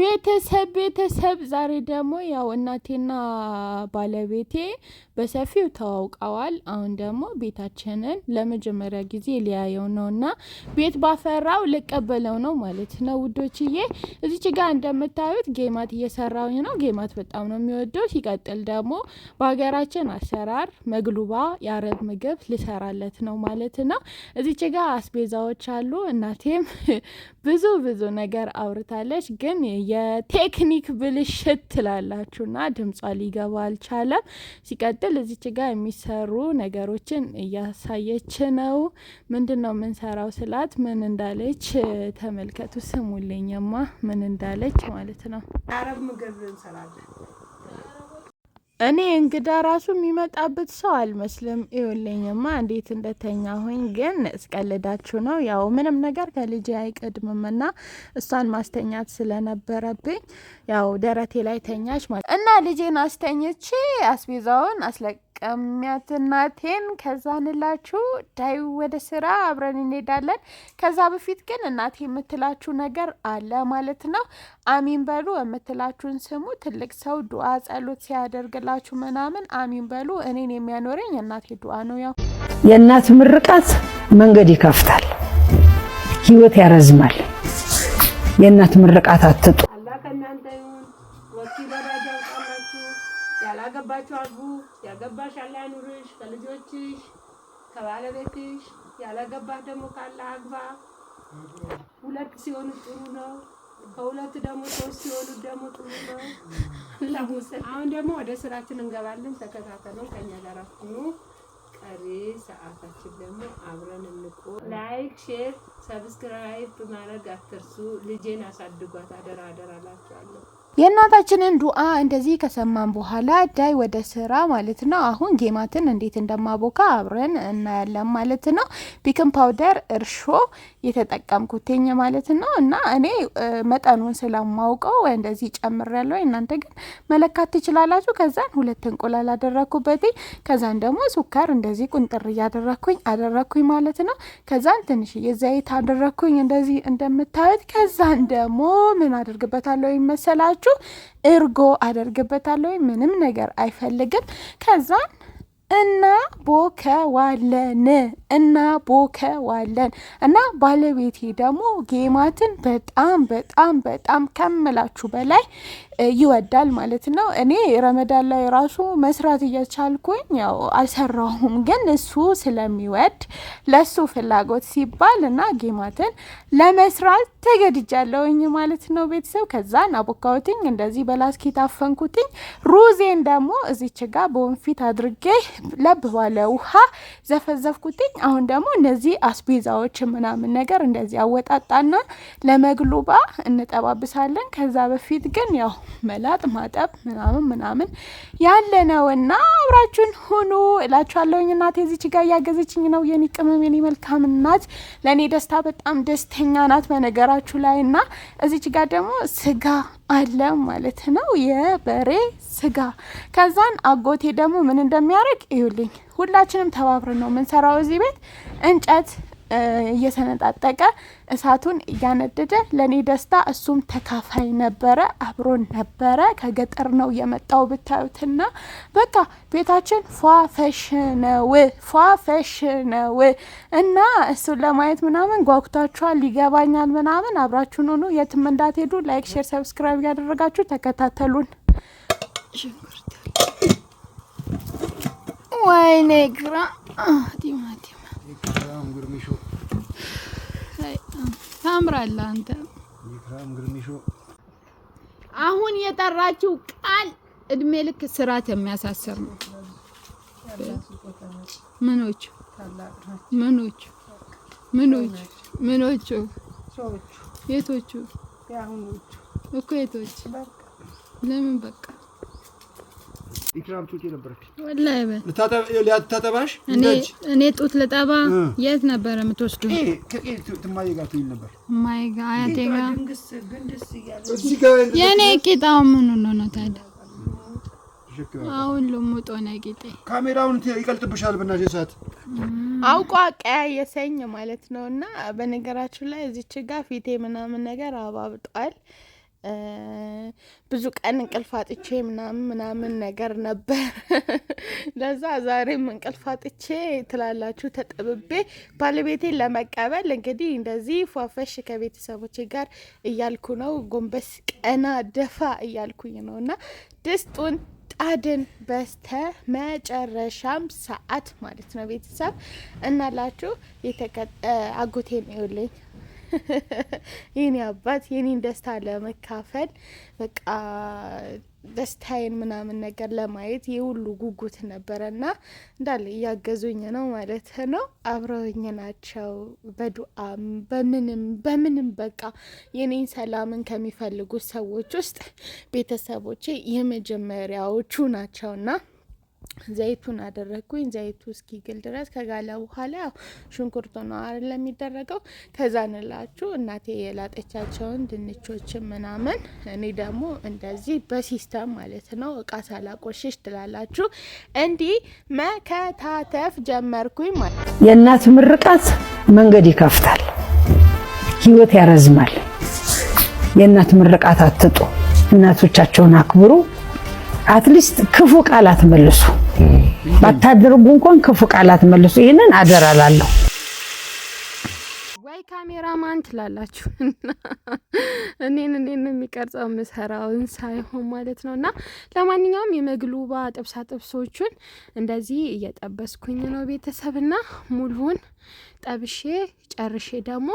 ቤተሰብ ቤተሰብ ዛሬ ደግሞ ያው እናቴና ባለቤቴ በሰፊው ተዋውቀዋል። አሁን ደግሞ ቤታችንን ለመጀመሪያ ጊዜ ሊያየው ነው እና ቤት ባፈራው ልቀበለው ነው ማለት ነው ውዶችዬ። እዚች ጋር እንደምታዩት ጌማት እየሰራውኝ ነው። ጌማት በጣም ነው የሚወደው። ሲቀጥል ደግሞ በሀገራችን አሰራር መግሉባ የአረብ ምግብ ልሰራለት ነው ማለት ነው። እዚች ጋር አስቤዛዎች አሉ። እናቴም ብዙ ብዙ ነገር አውርታለች ግን የቴክኒክ ብልሽት ትላላችሁና ድምጿ ሊገባ አልቻለም። ሲቀጥል እዚች ጋር የሚሰሩ ነገሮችን እያሳየች ነው። ምንድን ነው የምንሰራው ስላት ምን እንዳለች ተመልከቱ። ስሙልኝማ ምን እንዳለች ማለት ነው። አረብ ምግብ እንሰራለን እኔ እንግዳ ራሱ የሚመጣበት ሰው አልመስልም። ይወለኝማ እንዴት እንደተኛሁኝ ግን እስቀልዳችሁ ነው። ያው ምንም ነገር አይቀድምም አይቀድምምና እሷን ማስተኛት ስለነበረብኝ ያው ደረቴ ላይ ተኛች ማለት እና ልጄን አስተኝቼ አስቤዛውን አስለቅ ቀሚያት እናቴን ከዛ እንላችሁ ዳይ ወደ ስራ አብረን እንሄዳለን። ከዛ በፊት ግን እናቴ የምትላችሁ ነገር አለ ማለት ነው። አሚን በሉ የምትላችሁን ስሙ። ትልቅ ሰው ዱዓ ጸሎት ሲያደርግላችሁ ምናምን አሚን በሉ። እኔን የሚያኖረኝ እናቴ ዱዓ ነው። ያው የእናት ምርቃት መንገድ ይከፍታል፣ ህይወት ያረዝማል። የእናት ምርቃት አትጡ ያላገባችሁ አግቡ። ያገባሽ አላ ያኑርሽ ከልጆችሽ ከባለቤትሽ። ያላገባህ ደግሞ ካለ አግባ። ሁለት ሲሆኑ ጥሩ ነው። ከሁለት ደግሞ ሶስት ሲሆኑ ደግሞ ጥሩ ነው። አሁን ደግሞ ወደ ስራችን እንገባለን። ተከታተሉ ከኛ ጋር ሁኑ። ቀሪ ሰዓታችን ደግሞ አብረን እንቆ ላይክ፣ ሼር፣ ሰብስክራይብ ማድረግ አትርሱ። ልጄን አሳድጓት አደራ አደራ እላችኋለሁ። የእናታችንን ዱዓ እንደዚህ ከሰማን በኋላ ዳይ ወደ ስራ ማለት ነው። አሁን ጌማትን እንዴት እንደማቦካ አብረን እናያለን ማለት ነው። ቢክን ፓውደር እርሾ የተጠቀምኩትኝ ማለት ነው እና እኔ መጠኑን ስለማውቀው እንደዚህ ጨምሬያለሁ። እናንተ ግን መለካት ትችላላችሁ። ከዛን ሁለት እንቁላል አደረግኩበት። ከዛን ደግሞ ሱከር እንደዚህ ቁንጥር እያደረግኩኝ አደረግኩኝ ማለት ነው። ከዛን ትንሽ የዘይት አደረግኩኝ እንደዚህ እንደምታዩት። ከዛን ደግሞ ምን አድርግበታለሁ ይመሰላል ካላችሁ እርጎ አደርግበታለሁ። ምንም ነገር አይፈልግም። ከዛ እና ቦከ ዋለን እና ዋለን እና ባለቤቴ ደግሞ ጌማትን በጣም በጣም በጣም ከምላችሁ በላይ ይወዳል ማለት ነው። እኔ ረመዳን ላይ ራሱ መስራት እየቻልኩኝ ያው አልሰራሁም፣ ግን እሱ ስለሚወድ ለሱ ፍላጎት ሲባል እና ጌማትን ለመስራት ተገድጃለሁኝ ማለት ነው ቤተሰብ። ከዛን አቦካሁትኝ እንደዚህ በላስኪ ታፈንኩትኝ። ሩዜን ደግሞ እዚች ጋ በወንፊት አድርጌ ለብ ባለ ውሃ ዘፈዘፍኩትኝ። አሁን ደግሞ እነዚህ አስቤዛዎች ምናምን ነገር እንደዚህ አወጣጣና ለመግሉባ እንጠባብሳለን። ከዛ በፊት ግን ያው መላጥ ማጠብ ምናምን ምናምን ያለ ነውና አብራችሁን ሁኑ እላችኋለሁኝ። እናቴ እዚች ጋ እያገዘችኝ ነው የኔ ቅመም የኔ መልካም እናት። ለእኔ ደስታ በጣም ደስተኛ ናት በነገር ዳራችሁ ላይ እና እዚች ጋር ደግሞ ስጋ አለ ማለት ነው፣ የበሬ ስጋ። ከዛን አጎቴ ደግሞ ምን እንደሚያደርግ እዩልኝ። ሁላችንም ተባብረን ነው የምንሰራው እዚህ ቤት እንጨት እየሰነጣጠቀ እሳቱን እያነደደ ለእኔ ደስታ እሱም ተካፋይ ነበረ፣ አብሮን ነበረ። ከገጠር ነው የመጣው ብታዩትና በቃ ቤታችን ፏፈሽ ነው፣ ፏፈሽ ነው እና እሱን ለማየት ምናምን ጓጉታችኋል፣ ይገባኛል ምናምን። አብራችሁን ሆኑ፣ የትም እንዳትሄዱ። ላይክ፣ ሼር፣ ሰብስክራይብ እያደረጋችሁ ተከታተሉን። ወይኔ ግራ ቲማቲም ግርሚሾ ታምራለ አንተ። ኢክራም ግርሚሾ አሁን የጠራችው ቃል እድሜ ልክ ስርዓት የሚያሳስር ነው። ምኖቹ ምኖቹ ምኖቹ ምኖቹ የቶቹ እኮ የቶች ለምን በቃ ኢክራም ጡት የነበረች ልታጠባሽ እኔ ጡት ልጠባ የት ነበረ የምትወስዱ? እማዬ ጋር ትይኝ ነበር። እማዬ ጋር አያቴ ጋር የእኔ ቂጣ ምኑ ነው ነው ታዲያ? አሁን ልሙጦ ነው ቂጤ። ካሜራውን ይቀልጥብሻል ብናሽ ሰዓት አውቋ ቀያየሰኝ ማለት ነው። እና በነገራችሁ ላይ እዚች ጋር ፊቴ ምናምን ነገር አባብጧል። ብዙ ቀን እንቅልፍ አጥቼ ምናምን ምናምን ነገር ነበር። ለዛ ዛሬም እንቅልፍ አጥቼ ትላላችሁ ተጠብቤ ባለቤቴን ለመቀበል እንግዲህ እንደዚህ ፏፈሽ ከቤተሰቦቼ ጋር እያልኩ ነው። ጎንበስ ቀና ደፋ እያልኩኝ ነው እና ድስጡን ጣድን በስተ መጨረሻም ሰዓት ማለት ነው ቤተሰብ እናላችሁ አጎቴን ይውልኝ የኔ አባት የኔን ደስታ ለመካፈል በቃ ደስታዬን ምናምን ነገር ለማየት የሁሉ ጉጉት ነበረ እና እንዳለ እያገዙኝ ነው ማለት ነው። አብረውኝ ናቸው በዱአም በምንም በምንም በቃ የኔን ሰላምን ከሚፈልጉት ሰዎች ውስጥ ቤተሰቦቼ የመጀመሪያዎቹ ናቸውና ዘይቱን አደረግኩኝ። ዘይቱ እስኪግል ድረስ ከጋለ በኋላ ሽንኩርቱ ነው አር የሚደረገው። ከዛ ንላችሁ እናቴ የላጠቻቸውን ድንቾችን ምናምን፣ እኔ ደግሞ እንደዚህ በሲስተም ማለት ነው እቃ ሳላቆሽሽ ትላላችሁ፣ እንዲህ መከታተፍ ጀመርኩኝ ማለት ነው። የእናት ምርቃት መንገድ ይከፍታል፣ ህይወት ያረዝማል። የእናት ምርቃት አትጡ፣ እናቶቻቸውን አክብሩ። አትሊስት ክፉ ቃላት መልሱ፣ ባታደርጉ እንኳን ክፉ ቃላት መልሱ። ይህንን አደራላለሁ ወይ ካሜራማን ትላላችሁ እኔን እኔን የሚቀርጸው ምሰራውን ሳይሆን ማለት ነው። እና ለማንኛውም የመግሉባ ጥብሳ ጥብሶቹን እንደዚህ እየጠበስኩኝ ነው ቤተሰብና ሙሉውን ጠብሼ ጨርሼ ደግሞ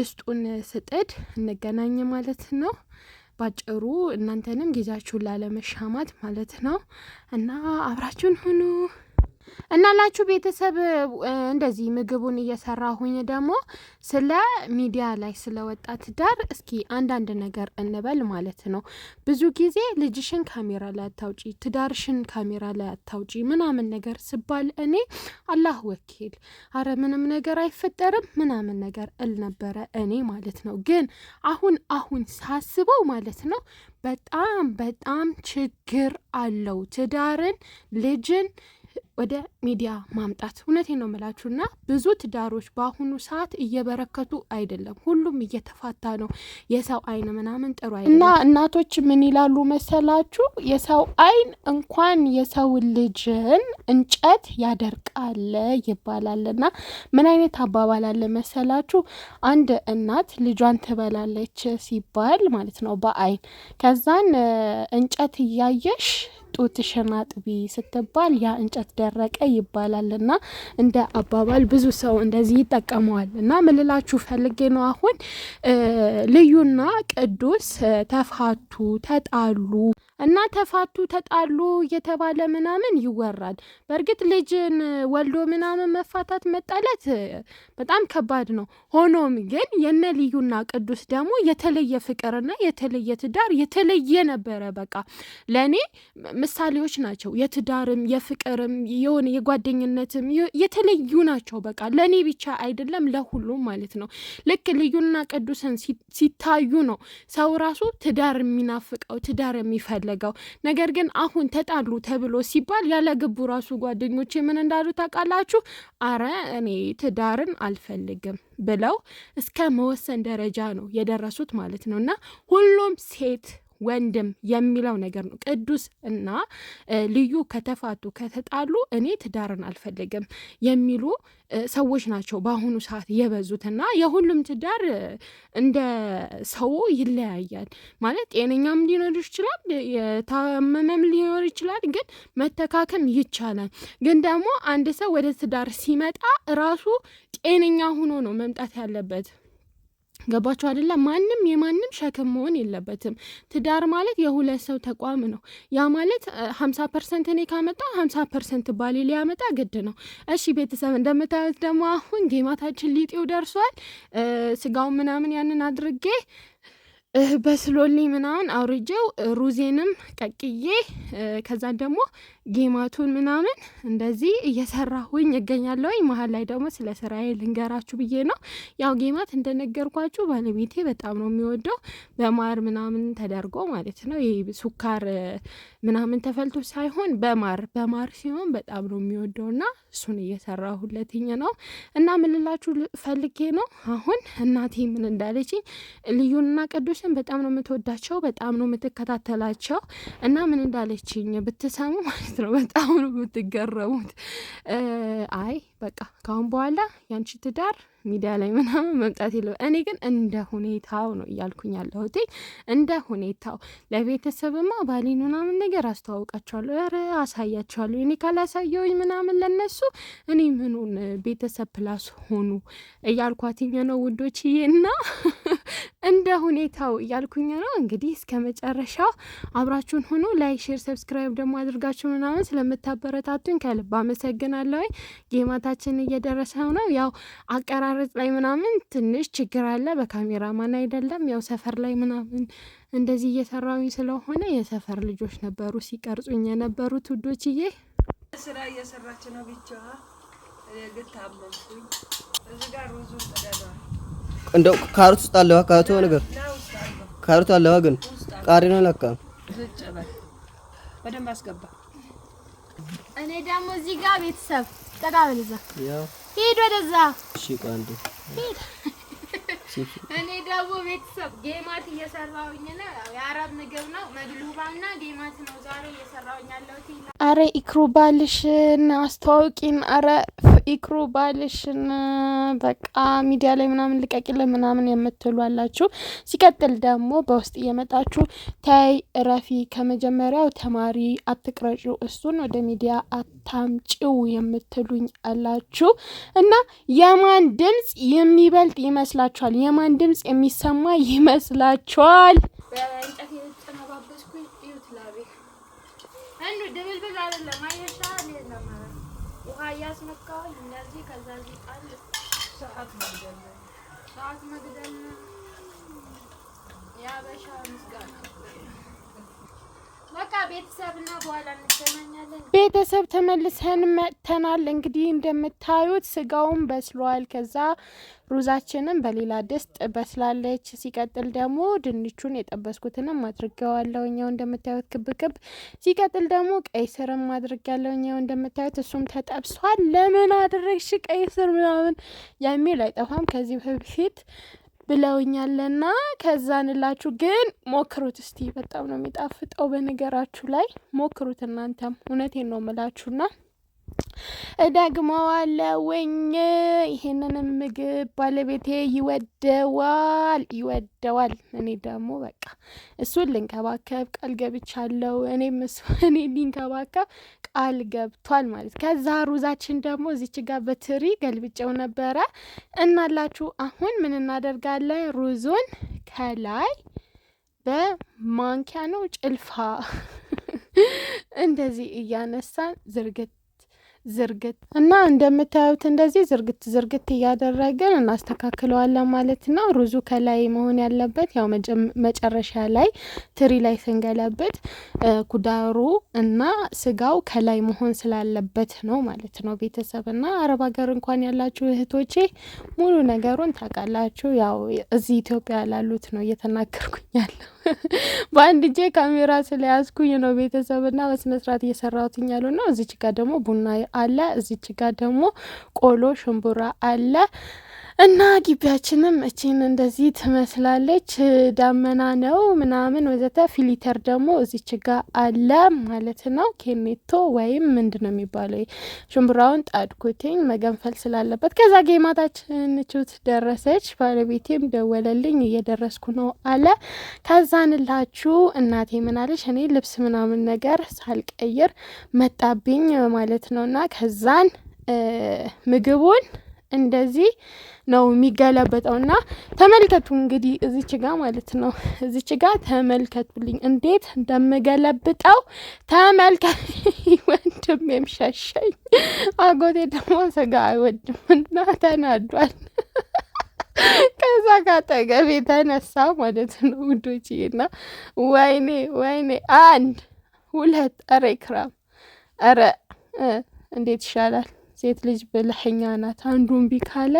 ድስጡን ስጥድ እንገናኝ ማለት ነው። ባጭሩ እናንተንም ጊዜያችሁን ላለመሻማት ማለት ነው እና አብራችሁን ሁኑ። እናላችሁ ቤተሰብ እንደዚህ ምግቡን እየሰራሁኝ ደግሞ ስለ ሚዲያ ላይ ስለ ወጣት ዳር እስኪ አንዳንድ ነገር እንበል ማለት ነው። ብዙ ጊዜ ልጅሽን ካሜራ ላይ አታውጪ፣ ትዳርሽን ካሜራ ላይ አታውጪ ምናምን ነገር ስባል እኔ አላህ ወኪል አረ ምንም ነገር አይፈጠርም ምናምን ነገር እልነበረ እኔ ማለት ነው። ግን አሁን አሁን ሳስበው ማለት ነው በጣም በጣም ችግር አለው ትዳርን ልጅን ወደ ሚዲያ ማምጣት እውነቴ ነው እና ብዙ ትዳሮች በአሁኑ ሰዓት እየበረከቱ አይደለም። ሁሉም እየተፋታ ነው። የሰው አይን ምናምን ጥሩ አይደለም እና እናቶች ምን ይላሉ መሰላችሁ? የሰው አይን እንኳን የሰው ልጅን እንጨት ያደርቃል ይባላልና ምን አይነት አባባል አለ መሰላችሁ? አንድ እናት ልጇን ትበላለች ሲባል ማለት ነው በአይን ከዛን እንጨት እያየሽ ጡትሽን አጥቢ ስትባል ያ እንጨት ደረቀ ይባላል እና እንደ አባባል ብዙ ሰው እንደዚህ ይጠቀመዋል። እና ምልላችሁ ፈልጌ ነው አሁን ልዩና ቅዱስ ተፋቱ፣ ተጣሉ እና ተፋቱ፣ ተጣሉ እየተባለ ምናምን ይወራል። በእርግጥ ልጅን ወልዶ ምናምን መፋታት መጣለት በጣም ከባድ ነው። ሆኖም ግን የነ ልዩና ቅዱስ ደግሞ የተለየ ፍቅርና የተለየ ትዳር የተለየ ነበረ። በቃ ለእኔ ምሳሌዎች ናቸው። የትዳርም የፍቅርም የሆነ የጓደኝነትም የተለዩ ናቸው። በቃ ለእኔ ብቻ አይደለም ለሁሉም ማለት ነው። ልክ ልዩና ቅዱስን ሲታዩ ነው ሰው ራሱ ትዳር የሚናፍቀው ትዳር የሚፈል የፈለገው። ነገር ግን አሁን ተጣሉ ተብሎ ሲባል ያለ ግቡ ራሱ ጓደኞቼ ምን እንዳሉ ታውቃላችሁ? አረ እኔ ትዳርን አልፈልግም ብለው እስከ መወሰን ደረጃ ነው የደረሱት ማለት ነው እና ሁሉም ሴት ወንድም የሚለው ነገር ነው። ቅዱስ እና ልዩ ከተፋቱ ከተጣሉ እኔ ትዳርን አልፈልግም የሚሉ ሰዎች ናቸው በአሁኑ ሰዓት የበዙት እና የሁሉም ትዳር እንደ ሰው ይለያያል። ማለት ጤነኛም ሊኖር ይችላል፣ የታመመም ሊኖር ይችላል። ግን መተካከም ይቻላል። ግን ደግሞ አንድ ሰው ወደ ትዳር ሲመጣ ራሱ ጤነኛ ሆኖ ነው መምጣት ያለበት። ገባችሁ አይደለም? ማንም የማንም ሸክም መሆን የለበትም። ትዳር ማለት የሁለት ሰው ተቋም ነው። ያ ማለት ሀምሳ ፐርሰንት እኔ ካመጣ ሀምሳ ፐርሰንት ባሌ ሊያመጣ ግድ ነው። እሺ ቤተሰብ እንደምታዩት ደግሞ አሁን ጌማታችን ሊጤው ደርሷል። ስጋው ምናምን ያንን አድርጌ በስሎልኝ ምናምን አውርጄው ሩዜንም ቀቅዬ ከዛን ደግሞ ጌማቱን ምናምን እንደዚህ እየሰራሁኝ እገኛለሁኝ። መሀል ላይ ደግሞ ስለ ስራዬ ልንገራችሁ ብዬ ነው። ያው ጌማት እንደነገርኳችሁ ባለቤቴ በጣም ነው የሚወደው በማር ምናምን ተደርጎ ማለት ነው። ይህ ሱካር ምናምን ተፈልቶ ሳይሆን በማር በማር ሲሆን በጣም ነው የሚወደው እና እሱን እየሰራሁለትኝ ነው። እና ምንላችሁ ፈልጌ ነው አሁን እናቴ ምን እንዳለችኝ፣ ልዩንና ቅዱስን በጣም ነው የምትወዳቸው፣ በጣም ነው የምትከታተላቸው እና ምን እንዳለችኝ ብትሰሙ ማለት ማለት ነው። በጣም ነው የምትገረሙት። አይ በቃ ካሁን በኋላ ያንቺ ትዳር ሚዲያ ላይ ምናምን መምጣት የለ። እኔ ግን እንደ ሁኔታው ነው እያልኩኝ ያለሁት፣ እንደ ሁኔታው ለቤተሰብማ ባሌን ምናምን ነገር አስተዋውቃቸዋለሁ፣ ኧረ አሳያቸዋለሁ። እኔ ካላሳየውኝ ምናምን ለነሱ እኔ ምኑን ቤተሰብ ፕላስ ሆኑ እያልኳትኛ ነው ውዶችዬ እና እንደ ሁኔታው እያልኩኝ ነው። እንግዲህ እስከ መጨረሻው አብራችሁን ሆኖ ላይክ፣ ሼር፣ ሰብስክራይብ ደግሞ አድርጋችሁ ምናምን ስለምታበረታቱኝ ከልብ አመሰግናለሁ። ጌማታችን እየደረሰ ነው። ያው አቀራረጽ ላይ ምናምን ትንሽ ችግር አለ። በካሜራማን አይደለም ያው ሰፈር ላይ ምናምን እንደዚህ እየሰራሁኝ ስለሆነ የሰፈር ልጆች ነበሩ ሲቀርጹኝ የነበሩት ውዶችዬ። ስራ እየሰራች ነው ብቻ ግታመኩኝ እዚህ ጋር ሩዙ እንደው ካሮት ውስጥ አለዋ ካሮት ነገር ካሮት አለዋ ግን ቃሪ ነው ለካ በደንብ አስገባ። እኔ ደግሞ እዚህ ጋር ቤተሰብ ቀጣ በለዛ ሂድ ወደዛ። እሺ አንዱ እኔ ደግሞ ቤተሰብ ጌማት እየሰራሁኝ ነው። የአረብ ምግብ ነው መግሉባና ጌማት ነው ዛሬ እየሰራሁኝ ያለሁት። አረ ኢክሩባልሽን አስተዋውቂን። አረ ኢክሩ ባልሽን በቃ ሚዲያ ላይ ምናምን ልቀቂልን ምናምን የምትሉ አላችሁ። ሲቀጥል ደግሞ በውስጥ እየመጣችሁ ተይ እረፊ፣ ከመጀመሪያው ተማሪ አትቅረጩ፣ እሱን ወደ ሚዲያ አታምጪው የምትሉኝ አላችሁ እና የማን ድምፅ የሚበልጥ ይመስላችኋል? የማን ድምፅ የሚሰማ ይመስላችኋል? እንዴት ነው ውሃ እያስነካሁኝ እንደዚህ ከዛ እዚህ አንድ ሰዓት መግደል ሰዓት መግደል የአበሻ ምስጋና ቤተሰብ ተመልሰን መጥተናል። እንግዲህ እንደምታዩት ስጋውን በስሏል። ከዛ ሩዛችንን በሌላ ድስት በስላለች። ሲቀጥል ደግሞ ድንቹን የጠበስኩትንም አድርገዋለሁ ኛው እንደምታዩት ክብ ክብ። ሲቀጥል ደግሞ ቀይ ስርም አድርጋለሁ ኛው እንደምታዩት እሱም ተጠብሷል። ለምን አድረግሽ ቀይ ስር ምናምን የሚል አይጠፋም ከዚህ በፊት ብለውኛለና ከዛ እላችሁ ግን ሞክሩት እስቲ በጣም ነው የሚጣፍጠው። በነገራችሁ ላይ ሞክሩት እናንተም እውነቴን ነው ምላችሁና እደግመዋለሁኝ። ይሄንን ምግብ ባለቤቴ ይወደዋል ይወደዋል። እኔ ደግሞ በቃ እሱን ልንከባከብ ቃል ገብቻለሁ። እኔም እሱ እኔ ሊንከባከብ ቃል ገብቷል ማለት። ከዛ ሩዛችን ደግሞ እዚች ጋር በትሪ ገልብጨው ነበረ እናላችሁ። አሁን ምን እናደርጋለን? ሩዙን ከላይ በማንኪያ ነው ጭልፋ እንደዚህ እያነሳን ዝርግት ዝርግት እና እንደምታዩት እንደዚህ ዝርግት ዝርግት እያደረግን እናስተካክለዋለን ማለት ነው። ሩዙ ከላይ መሆን ያለበት ያው መጨረሻ ላይ ትሪ ላይ ስንገለብት ኩዳሩ እና ስጋው ከላይ መሆን ስላለበት ነው ማለት ነው። ቤተሰብ እና አረብ ሀገር እንኳን ያላችሁ እህቶቼ ሙሉ ነገሩን ታውቃላችሁ። ያው እዚህ ኢትዮጵያ ላሉት ነው እየተናገርኩኝ ያለው በአንድ እጄ ካሜራ ስለያዝኩኝ ነው ቤተሰብና በስነስርዓት እየሰራሁትኝ ያሉ ነው። እዚች ጋር ደግሞ ቡና አለ። እዚች ጋር ደግሞ ቆሎ ሽምቡራ አለ። እና ግቢያችንም እቺን እንደዚህ ትመስላለች። ዳመና ነው ምናምን ወዘተ። ፊሊተር ደግሞ እዚች ጋ አለ ማለት ነው። ኬኔቶ ወይም ምንድን ነው የሚባለው ሽምብራውን ጣድኩትኝ መገንፈል ስላለበት። ከዛ ጌማታችን ችት ደረሰች። ባለቤቴም ደወለልኝ እየደረስኩ ነው አለ። ከዛንላችሁ እናቴ ምናለች እኔ ልብስ ምናምን ነገር ሳልቀይር መጣብኝ ማለት ነው እና ከዛን ምግቡን እንደዚህ ነው የሚገለበጠው። እና ተመልከቱ እንግዲህ እዚች ጋ ማለት ነው እዚች ጋ ተመልከቱልኝ እንዴት እንደምገለብጠው ተመልከቱ። ወንድም የምሸሸኝ አጎቴ ደግሞ ስጋ አይወድም እና ተናዷል። ከዛ ካጠገብ የተነሳ ማለት ነው ውዶች እና ወይኔ ወይኔ አንድ ሁለት ኧረ ይክራም ኧረ እንዴት ይሻላል? ሴት ልጅ ብልህኛ ናት። አንዱ እምቢ ካለ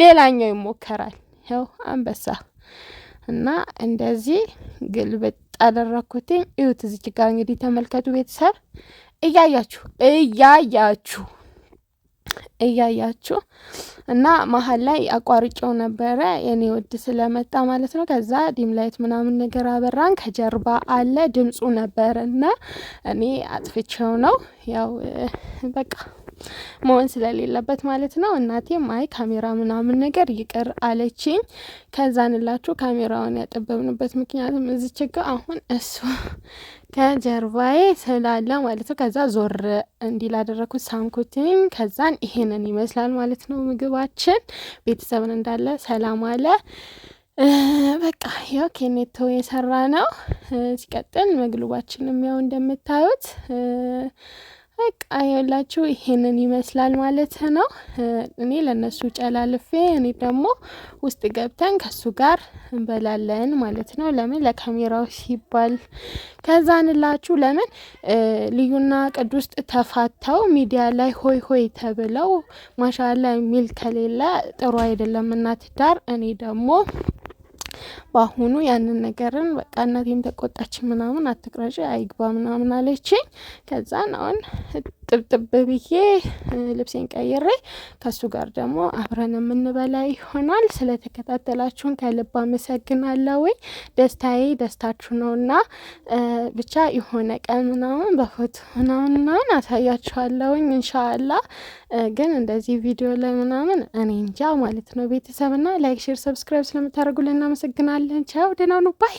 ሌላኛው ይሞከራል። ያው አንበሳ እና እንደዚህ ግልብጥ አደረኩትኝ። እዩት እዚች ጋር እንግዲህ ተመልከቱ ቤተሰብ እያያችሁ እያያችሁ እያያችሁ እና መሀል ላይ አቋርጬው ነበረ የኔ ውድ ስለመጣ ማለት ነው። ከዛ ዲም ላይት ምናምን ነገር አበራን። ከጀርባ አለ ድምፁ ነበረ እና እኔ አጥፍቼው ነው ያው በቃ መሆን ስለሌለበት ማለት ነው። እናቴም አይ ካሜራ ምናምን ነገር ይቅር አለችኝ። ከዛንላችሁ ካሜራውን ያጠበብንበት ምክንያቱም እዚች ጋ አሁን እሱ ከጀርባዬ ስላለ ማለት ነው። ከዛ ዞር እንዲል አደረኩት ሳምኩትኝ። ከዛን ይሄንን ይመስላል ማለት ነው ምግባችን። ቤተሰብን እንዳለ ሰላም አለ። በቃ ያው ኬኔቶ የሰራ ነው። ሲቀጥል መግሉባችንም ያው እንደምታዩት በቃ የላችሁ ይሄንን ይመስላል ማለት ነው። እኔ ለእነሱ ጨላልፌ እኔ ደግሞ ውስጥ ገብተን ከሱ ጋር እንበላለን ማለት ነው። ለምን ለካሜራው ሲባል ከዛ ለምን ልዩና ቅዱስ ተፋተው ሚዲያ ላይ ሆይ ሆይ ተብለው ማሻላ የሚል ከሌለ ጥሩ አይደለም። እናትዳር እኔ ደግሞ በአሁኑ ያንን ነገርን በቃ እናቴም ተቆጣች ምናምን አትቅረጭ አይግባ ምናምን አለችኝ። ከዛን አሁን ጥብጥብ ብዬ ልብሴን ቀይሬ ከሱ ጋር ደግሞ አብረን የምንበላ ይሆናል። ስለተከታተላችሁን ከልብ አመሰግናለሁ። ደስታዬ ደስታችሁ ነውና ብቻ የሆነ ቀን ምናምን በፎቶ ምናምን ምናምን አሳያችኋለሁኝ እንሻላ። ግን እንደዚህ ቪዲዮ ላይ ምናምን እኔ እንጃ ማለት ነው። ቤተሰብና ላይክ፣ ሼር፣ ሰብስክራይብ ስለምታደርጉልን እናመሰግናለን። ቻው ደህና ባይ